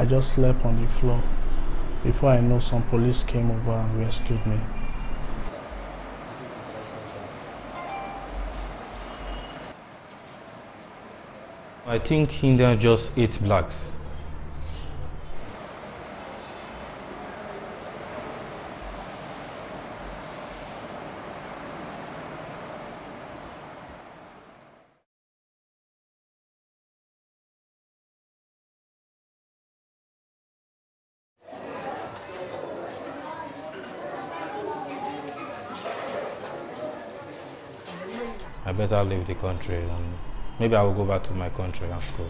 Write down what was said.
I just slept on the floor. Before I know, some police came over and rescued me. I think India just ate blacks. I better leave the country and maybe I will go back to my country and school.